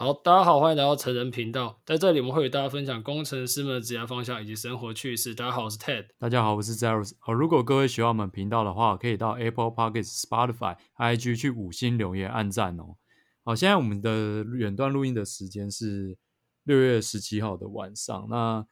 好，大家好，歡迎來到程人頻道。在這裡，我們會與大家分享工程師們的職業方向以及生活趣事。大家好，我是 Ted。大家好，我是 Zeros。好，如果各位喜歡我們頻道的話，可以到 Apple Podcast、Spotify、IG 去五星留言、按讚哦。好，現在我們的遠端錄音的時間是六月十七號的晚上。那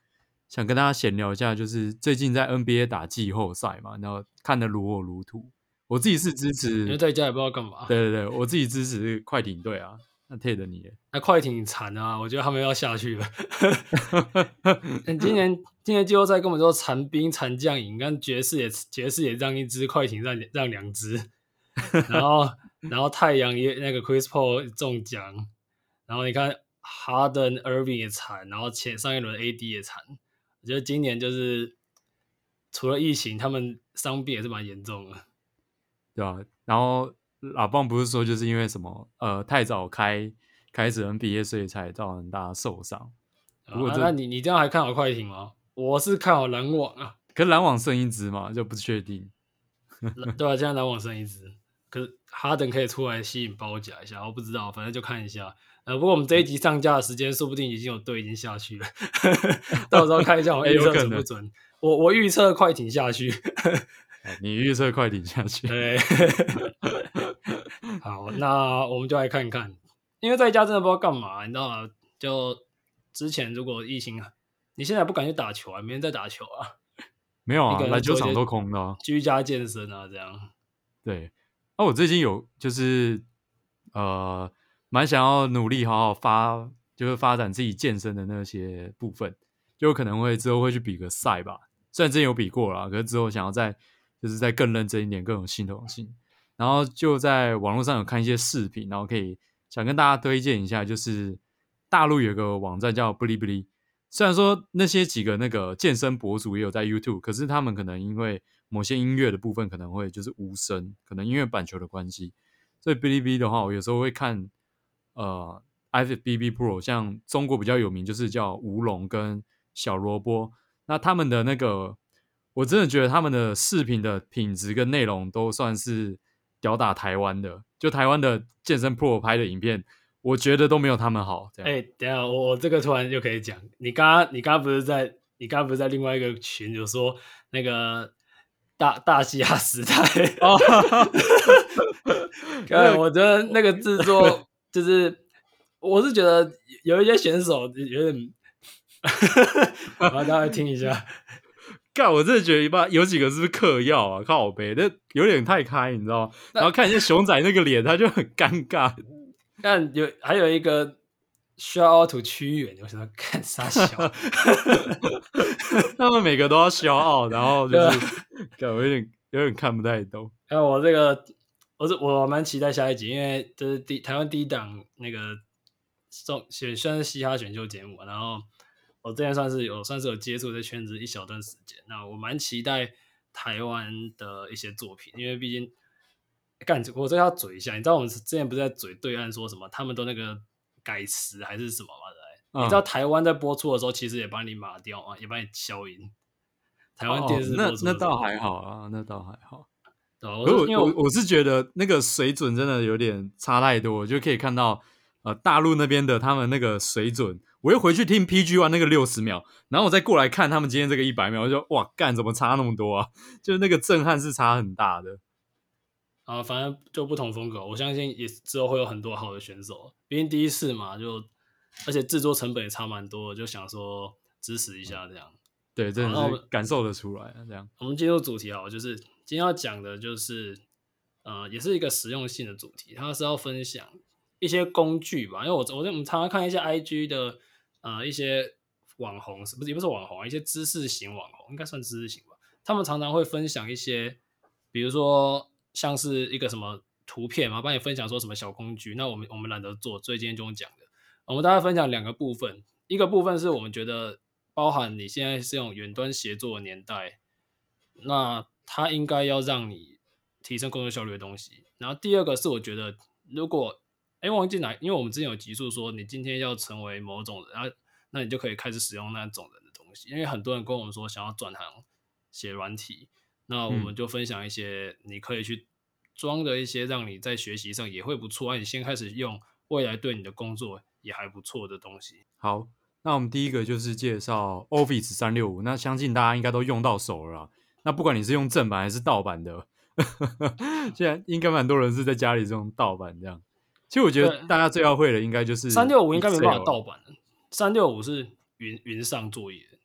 想跟大家閒聊一下，就是最近在 NBA 打季後賽嘛，然後看得如火如荼。我自己是支持，因為在家也不知道幹嘛。對對對，我自己支持快艇隊啊。那替的你，那、啊、快艇慘啊！我覺得他們要下去了。 今年，今年季後賽跟我們說殘兵殘將贏，跟爵士也爵士也讓一支快艇讓，讓讓兩隻。然後，然後太陽也那個 Chris Paul 也中獎，然後你看哈登 Irving 也慘，然後前上一輪 AD 也慘。我覺得今年就是除了疫情，他們傷病也是蠻嚴重的，對吧、啊？然後。老棒不是說就是因為什麼呃太早開開始 NBA，所以才造成大家受傷，啊啊。那你你這樣還看好快艇嗎？我是看好籃網啊。可籃網剩一隻嘛，就不確定， 。對啊，這樣籃網剩一隻，可是哈登可以出來吸引包夾一下。我不知道，反正就看一下。呃，不過我們這一集上架的時間，嗯、說不定已經有隊已經下去了。 到時候看一下我預測準不準。我我預測快艇下去。 啊、你預測快艇下去。 對 好，那我們就來看看，因為在家真的不知道幹嘛，你知道嗎？就之前如果疫情啊，你現在不敢去打球啊，沒人在打球啊，沒有啊，籃球場都空的，居家健身啊，這樣、啊。對，啊，我最近有就是呃，蠻想要努力好好發，就是發展自己健身的那些部分，就可能會之後會去比個賽吧。雖然之前有比過了，可是之後想要再就是再更認真一點，更有系統性。然後就在網絡上有看一些視頻，然後可以想跟大家推薦一下，就是大陸有個網站叫嗶哩嗶哩。雖然說那些幾個那個健身博主也有在 YouTube，可是他們可能因為某些音樂的部分可能會就是無聲，可能音樂版權的關係。所以嗶哩嗶哩的話，我有時候會看呃，IFBB Pro，像中國比較有名就是叫吳龍跟小蘿蔔，那他們的那個我真的覺得他們的視頻的品質跟內容都算是。屌打台灣的，就台灣的健身 Pro 拍的影片，我覺得都沒有他們好。哎、欸，等下我這個突然就可以講，你剛剛你剛剛不是在你剛剛不是在另外一個群就說那個大大西亞時代哦，對 我覺得那個製作就是我是覺得有一些選手有點， 我大概聽一下。我真的覺得一般有幾個是嗑藥啊？靠北，那有點太開，你知道嗎？然後看見熊仔那個臉， 他就很尷尬。但有還有一個，show out 凸區域，我想看啥小。他們每個都要 show out，然後就是，對吧，我有點有點看不太懂。看我這個，我是我蠻期待下一集，因為這是第台灣第一檔那個選算是嘻哈選秀節目，然後。我、哦、之前算是有算是有接觸這圈子一小段時間，那我蠻期待台灣的一些作品，因為畢竟，幹我再要嘴一下，你知道我們之前不是在嘴對岸說什麼，他們都那個改詞還是什麼嘛、嗯、你知道台灣在播出的時候，其實也把你碼掉啊，也把你消音。台灣電視劇哦哦，那那倒還好啊，那倒還好。我我因為我，我是覺得那個水準真的有點差太多，就可以看到。呃、大陸那邊的他們那個水準，我又回去聽 PG One 那個六十秒，然後我再過來看他們今天這個一百秒，我就哇幹，怎麼差那麼多啊？就是那個震撼是差很大的，啊、呃，反正就不同風格。我相信也之後會有很多好的選手，畢竟第一次嘛，就而且制作成本也差蠻多的，就想說支持一下這樣。嗯、對，真的我們感受得出來這樣。我們進入主題啊，就是今天要講的就是呃，也是一個實用性的主題，它是要分享。一些工具吧，因為我我我，我們常常看一下 I G 的呃、一些網紅，不是也不是網紅，啊，一些知識型網紅應該算知識型吧。他們常常會分享一些，比如說像是一個什麼圖片嘛，幫你分享說什麼小工具。那我們我們懶得做，所以今天就講的。我們大家分享兩個部分，一個部分是我們覺得包含你現在是用遠端協作的年代，那它應該要讓你提升工作效率的東西。然後第二個是我覺得如果哎，忘記來，因為我們之前有集數說，你今天要成為某種人，啊，那你就可以開始使用那種人的東西。因為很多人跟我們說想要轉行寫軟體，那我們就分享一些你可以去裝的一些，讓你在學習上也會不錯，而、啊、你先開始用，未來對你的工作也還不錯的東西。好，那我們第一個就是介紹 Office 三六五。那相信大家應該都用到手了。那不管你是用正版還是盜版的，現在應該蠻多人是在家裡用盜版這樣。其實我覺得大家最要會的應該就是三六五應該沒辦法盜版的，三六五是雲雲上作業的。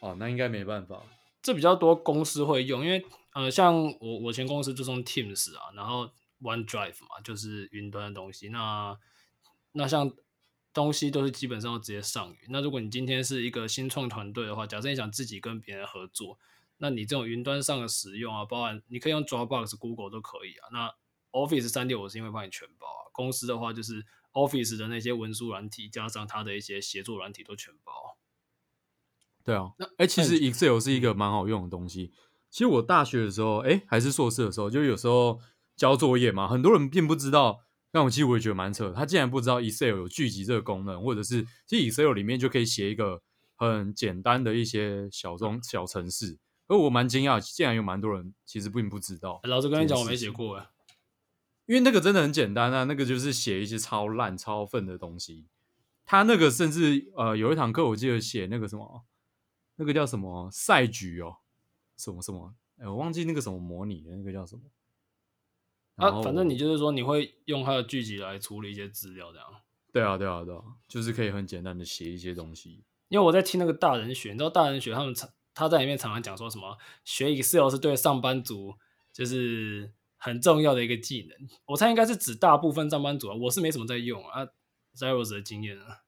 哦，那應該沒辦法。這比較多公司會用，因為呃，像我我前公司就用 Teams 啊，然後 OneDrive 嘛，就是雲端的東西。那那像東西都是基本上都直接上雲。那如果你今天是一個新創團隊的話，假設你想自己跟別人合作，那你這種雲端上的使用啊，包含你可以用 Dropbox、Google 都可以啊。那 Office 365我是因為幫你全包啊，公司的話就是 Office 的那些文書軟體，加上它的一些協作軟體都全包、啊。對啊，那哎，欸、其實 Excel 是一個蠻好用的東西。嗯、其實我大學的時候，哎、欸，還是碩士的時候，就有時候交作業嘛。很多人並不知道，但我其實我也覺得蠻扯。他竟然不知道 Excel 有聚集這個功能，或者是其實 Excel 裡面就可以寫一個很簡單的一些小東、嗯、小程式。而我蠻驚訝，竟然有蠻多人其實並不知道、欸。老師剛才講，我沒寫過啊。因為那個真的很簡單啊，那個就是寫一些超爛、超糞的東西。他那個甚至呃，有一堂課我記得寫那個什麼，那個叫什麼賽局哦，什麼什麼，哎、欸，我忘記那個什麼模擬的那個叫什麼。然後啊，反正你就是說你會用他的劇集來處理一些資料，這樣。對啊，對啊，對啊，就是可以很簡單的寫一些東西。因為我在聽那個大人學，你知道大人學他們常他在裡面常常講說什麼，學 Excel 是對上班族就是。很重要的一個技能，我猜應該是指大部分上班族啊，我是沒什麼在用啊，啊，Zeros 的經驗啊，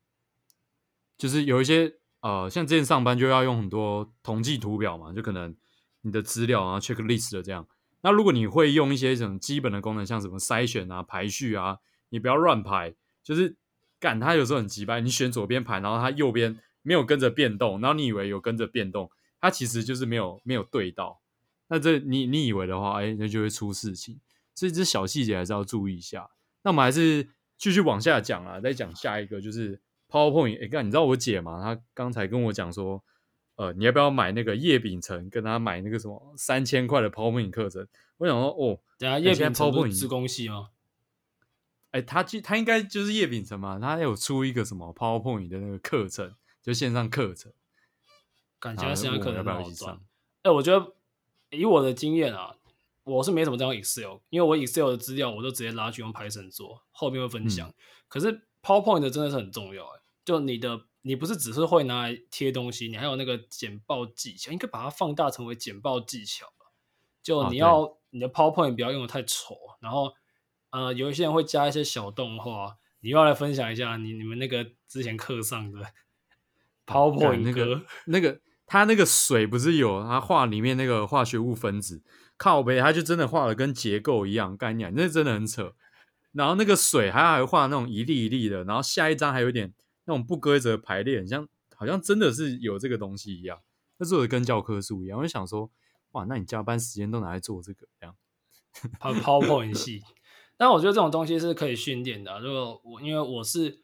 就是有一些呃，像之前上班就要用很多統計圖表嘛，就可能你的資料啊，check list 的這樣。那如果你會用一些這種基本的功能，像什麼篩選啊、排序啊，你不要亂排，就是幹它有時候很機掰，你選左邊排，然後它右邊沒有跟着變動，然後你以為有跟着變動，它其實就是沒有沒有對到。那這你你以為的話，哎、欸，那就會出事情。所以這小細節還是要注意一下。那我們還是繼續往下講啊，再講下一個就是 PowerPoint。欸。哎，幹，你知道我姐嗎？她剛才跟我講說，呃，你要不要買那個葉秉成，跟她買那個什麼三千塊的 PowerPoint 課程？我想說，哦，等下葉秉成不是攻系嗎？哎、欸，他她，她應該就是葉秉成嘛，她有出一個什麼 PowerPoint 的那個課程，就線上課程。感覺線上課程要不要一起上？哎、欸，我覺得。以我的經驗啊，我是沒什麼這樣 Excel，因為我 Excel 的資料我都直接拉去用 Python 做，後面會分享。嗯、可是 PowerPoint 真的是很重要哎、欸，就你的，你不是只是會拿來貼東西，你還有那個簡報技巧，你可以把它放大成為簡報技巧。就你要，啊、你的 PowerPoint 不要用的太醜，然後呃，有一些人會加一些小動畫，你要來分享一下你你們那個之前課上的 PowerPoint 那個、啊、那個。那個 他那個水不是有他畫裡面那個化學物分子靠北，他就真的畫得跟結構一樣乾淨、啊、那真的很扯然後那個水還要還畫那種一粒一粒的然後下一張還有點那種不規則排列像好像真的是有這個東西一樣那做的跟教科書一樣我就想說哇那你加班時間都拿來做這個這樣拋拋後很細但我覺得這種東西是可以訓練的如、啊、因為我是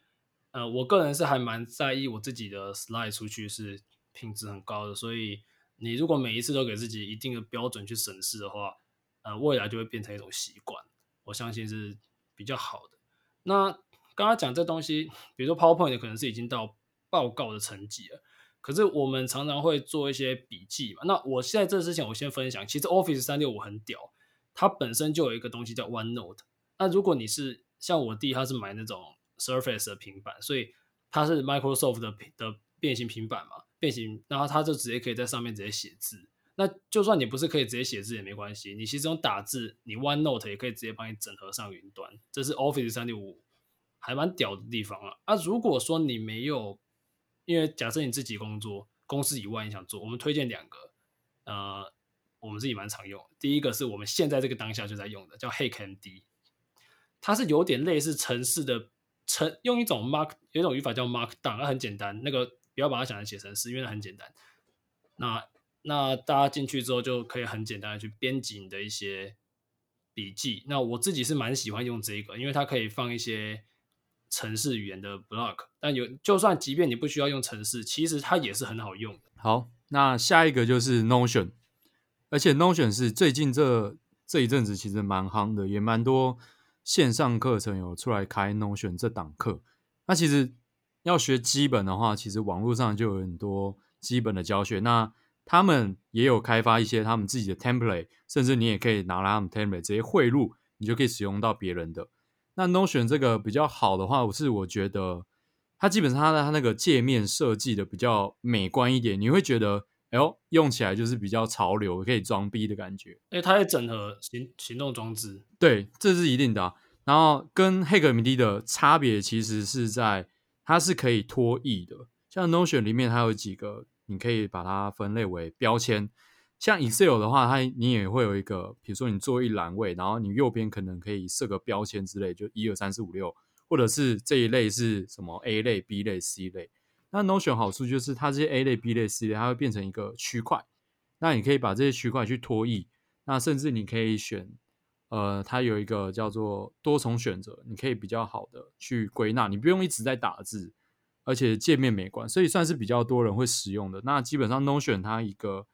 呃我個人是還蠻在意我自己的 slide 出去是品質很高的，所以你如果每一次都給自己一定的標準去審視的話，呃，未來就會變成一種習慣。我相信是比較好的。那剛剛講這東西，比如說 PowerPoint 可能是已經到報告的成績了，可是我們常常會做一些筆記嘛。那我現在這之前，我先分享，其實 Office 365很屌，它本身就有一個東西叫 OneNote。那如果你是像我弟，他是買那種 Surface 的平板，所以它是 Microsoft 的的變形平板嘛。變形，然後它就直接可以在上面直接寫字。那就算你不是可以直接寫字也沒關係，你其實用打字，你 OneNote 也可以直接幫你整合上雲端，這是 Office 三六五還蠻屌的地方啊。啊，如果說你沒有，因為假設你自己工作公司以外你想做，我們推薦兩個，呃，我們自己蠻常用。第一個是我們現在這個當下就在用的，叫 HackMD。它是有點類似程式的程，用一種 Mark，有一種語法叫 Markdown，啊，很簡單，那個。不要把它想成寫程式，因為它很簡單。那那大家進去之後，就可以很簡單的去編輯你的一些筆記。那我自己是蠻喜歡用這個，因為它可以放一些程式語言的 block。但有就算即便你不需要用程式，其實它也是很好用的。好，那下一個就是 Notion，而且 Notion 是最近這這一陣子其實蠻夯的，也蠻多線上課程有出來開 Notion 這檔課。那其實。要學基本的話，其實網絡上就有很多基本的教學。那他們也有開發一些他們自己的 template，甚至你也可以拿來他們 template 直接匯入，你就可以使用到別人的。那 Notion 這個比較好的話，我是我覺得它基本上它的它那個界面設計的比較美觀一點，你會覺得，哎呦，用起來就是比較潮流，可以裝逼的感覺。哎，它也整合行行動裝置，對，這是一定的啊。然後跟 HackMD 的差別其實是在。它是可以拖曳的，像 Notion 裡面它有幾個，你可以把它分類為標籤。像 Excel 的話，它你也會有一個，比如說你做一欄位，然後你右邊可能可以設個標籤之類，就一二三四五六，或者是這一類是什麼 A 類、B 類、C 類。那 Notion 好處就是它這些 A 類、B 類、C 類，它會變成一個區塊，那你可以把這些區塊去拖曳，那甚至你可以選。呃，它有一個叫做多重選擇，你可以比較好的去歸納，你不用一直在打字，而且界面美觀，所以算是比較多人會使用的。那基本上 Notion 它一個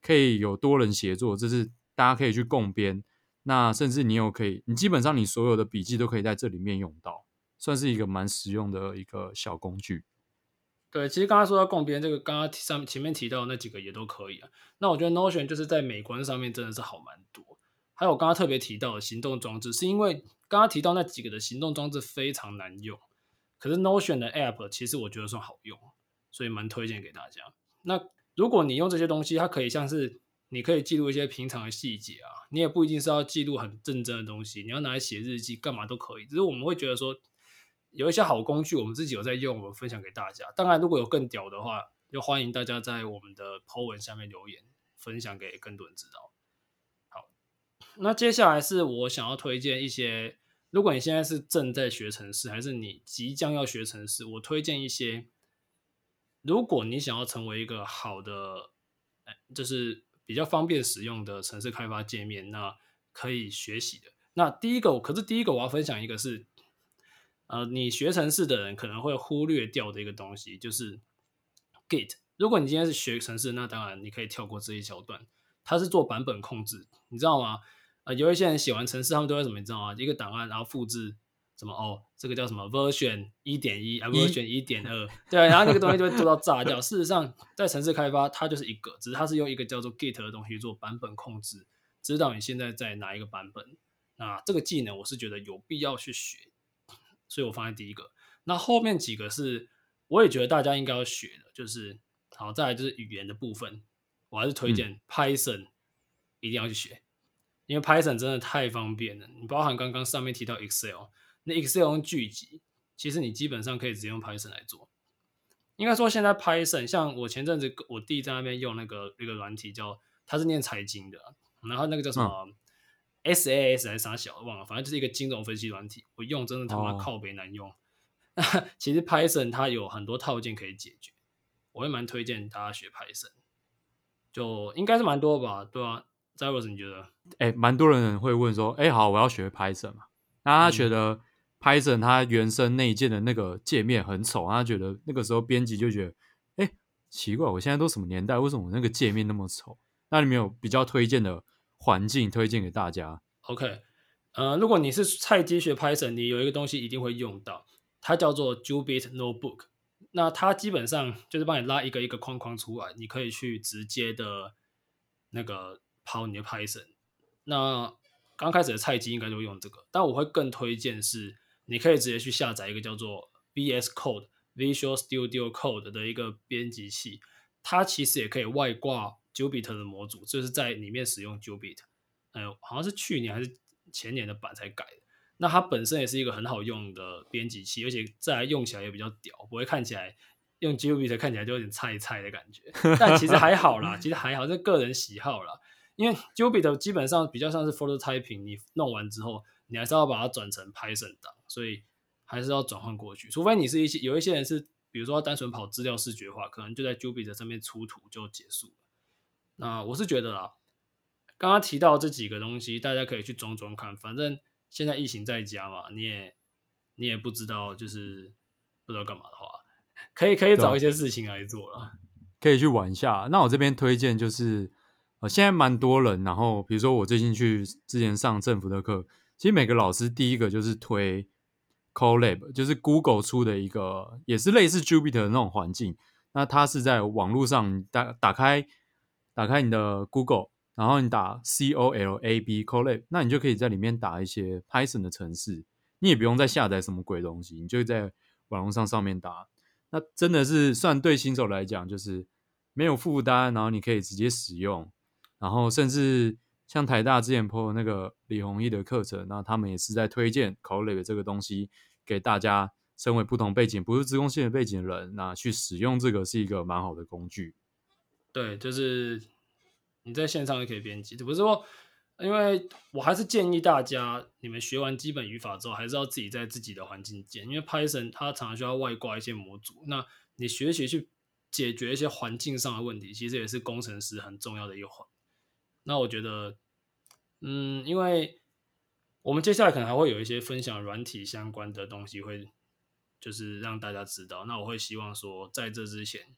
可以有多人協作，這是大家可以去共編。那甚至你有可以，你基本上你所有的筆記都可以在這裡面用到，算是一個蠻實用的一個小工具。對，其實剛剛說到共編，這個剛剛上前面提到的那幾個也都可以啊。那我覺得 Notion 就是在美觀上面真的是好蠻多。還有剛剛特別提到的行動裝置，是因為剛剛提到那幾個的行動裝置非常難用，可是 Notion 的 App 其實我覺得算好用，所以蠻推薦給大家。那如果你用這些東西，它可以像是你可以記錄一些平常的細節啊，你也不一定是要記錄很認真的東西，你要拿來寫日記幹嘛都可以。只是我們會覺得說有一些好工具，我們自己有在用，我們分享給大家。當然，如果有更屌的話，就歡迎大家在我們的 Po 文下面留言，分享給更多人知道。那接下來是我想要推薦一些，如果你現在是正在學程式，還是你即將要學程式，我推薦一些，如果你想要成為一個好的，哎，就是比較方便使用的程式開發界面，那可以學習的。那第一個，可是第一個我要分享一個是，呃，你學程式的人可能會忽略掉的一個東西，就是 Git。如果你今天是學程式，那當然你可以跳過這一小段，它是做版本控制，你知道嗎？啊、呃，有一些人寫完程式，他們都會什麼？你知道啊，一個檔案然後複製什麼？哦，這個叫什麼？version 一點一啊，version 一點二，對。然後那個東西就會做到炸掉。 事實上，在程式開發，它就是一個，只是它是用一個叫做 Git 的東西做版本控制，知道你現在在哪一個版本。那這個技能我是覺得有必要去學，所以我放在第一個。那後面幾個是我也覺得大家應該要學的，就是好，再來就是語言的部分，我還是推薦 Python、嗯、一定要去學。因為 Python 真的太方便了，你包含剛剛上面提到 Excel，那 Excel 用巨集，其實你基本上可以直接用 Python 來做。應該說現在 Python，像我前陣子我弟在那邊用那個那個軟體叫，他是念財經的，然後那個叫什麼、嗯、SAS 還是啥小忘了，反正就是一個金融分析軟體，我用真的他媽媽靠北難用。那、哦、 其實 Python 它有很多套件可以解決，我也蠻推薦大家學 Python，就應該是蠻多吧，對啊。在我怎你覺得？哎、欸，蠻多人會問說：“哎、欸，好，我要學 Python 嘛？”那他覺得 Python 它原生內建的那個界面很醜，他覺得那個時候編輯就覺得：“哎、欸，奇怪，我現在都什麼年代，為什麼我那個界面那麼醜？”那裡面有比較推薦的環境推薦給大家？OK，呃，如果你是菜雞學 Python，你有一個東西一定會用到，它叫做 Jupyter Notebook。那它基本上就是幫你拉一個一個框框出來，你可以去直接的那個。跑你的 Python，那剛開始的菜雞應該就用這個，但我會更推薦是你可以直接去下載一個叫做 VS Code Visual Studio Code 的一個編輯器，它其實也可以外掛 Jupyter 的模組，就是在裡面使用 Jupyter。哎，好像是去年還是前年的版才改的。那它本身也是一個很好用的編輯器，而且在用起來也比較屌，不會看起來用 Jupyter 看起來就有點菜菜的感覺。但其實還好啦， 其實還好，這個人喜好啦。因為 Jupyter 基本上比較像是 photo typing，你弄完之後，你還是要把它轉成 Python 檔，所以還是要轉換過去。除非你是一些有一些人是，比如說要單純跑資料視覺化，可能就在 Jupyter 上面出圖就結束了。那我是覺得啦，剛剛提到這幾個東西，大家可以去裝裝看。反正現在疫情在家嘛，你也你也不知道，就是不知道幹嘛的話，可以可以找一些事情來做了，可以去玩一下。那我這邊推薦就是。啊，現在蠻多人，然後比如說我最近去之前上政府的課，其實每個老師第一個就是推 Colab，就是 Google 出的一個，也是類似 Jupyter 的那種環境。那它是在網絡上打打開打開你的 Google，然後你打 C O L A B Colab，那你就可以在裡面打一些 Python 的程式，你也不用再下載什麼鬼東西，你就在網絡上上面打。那真的是算對新手來講，就是沒有負擔，然後你可以直接使用。然後，甚至像台大之前播的那個李弘毅的課程，那他們也是在推薦 Colab 這個東西給大家。身為不同背景，不是資工系的背景的人，那去使用這個是一個蠻好的工具。對，就是你在線上也可以編輯，不是說因為我還是建議大家，你們學完基本語法之後，還是要自己在自己的環境建，因為 Python 它常常需要外掛一些模組。那你學習去解決一些環境上的問題，其實也是工程師很重要的一個環。那我覺得，嗯，因為我們接下來可能還會有一些分享軟體相關的東西，會就是讓大家知道。那我會希望說，在這之前，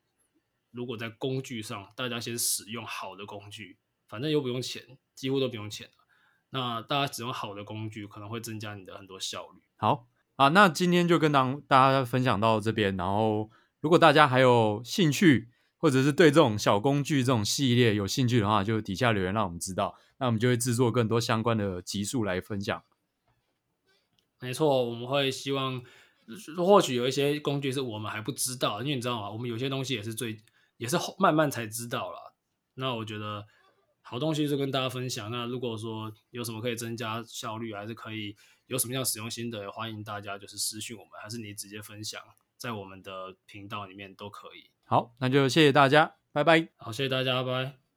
如果在工具上大家先使用好的工具，反正又不用錢，幾乎都不用錢。那大家使用好的工具，可能會增加你的很多效率。好啊，那今天就跟大大家分享到這邊。然後，如果大家還有興趣，或者是對這種小工具這種系列有興趣的話，就底下留言讓我們知道，那我們就會製作更多相關的集數來分享。沒錯，我們會希望，或許有一些工具是我們還不知道，因為你知道嗎？我們有些東西也是最，也是慢慢才知道了。那我覺得好東西就跟大家分享。那如果說有什麼可以增加效率，還是可以有什麼樣使用心得，歡迎大家就是私訊我們，還是你直接分享在我們的頻道裡面都可以。好，那就謝謝大家，拜拜。好，謝謝大家，拜拜。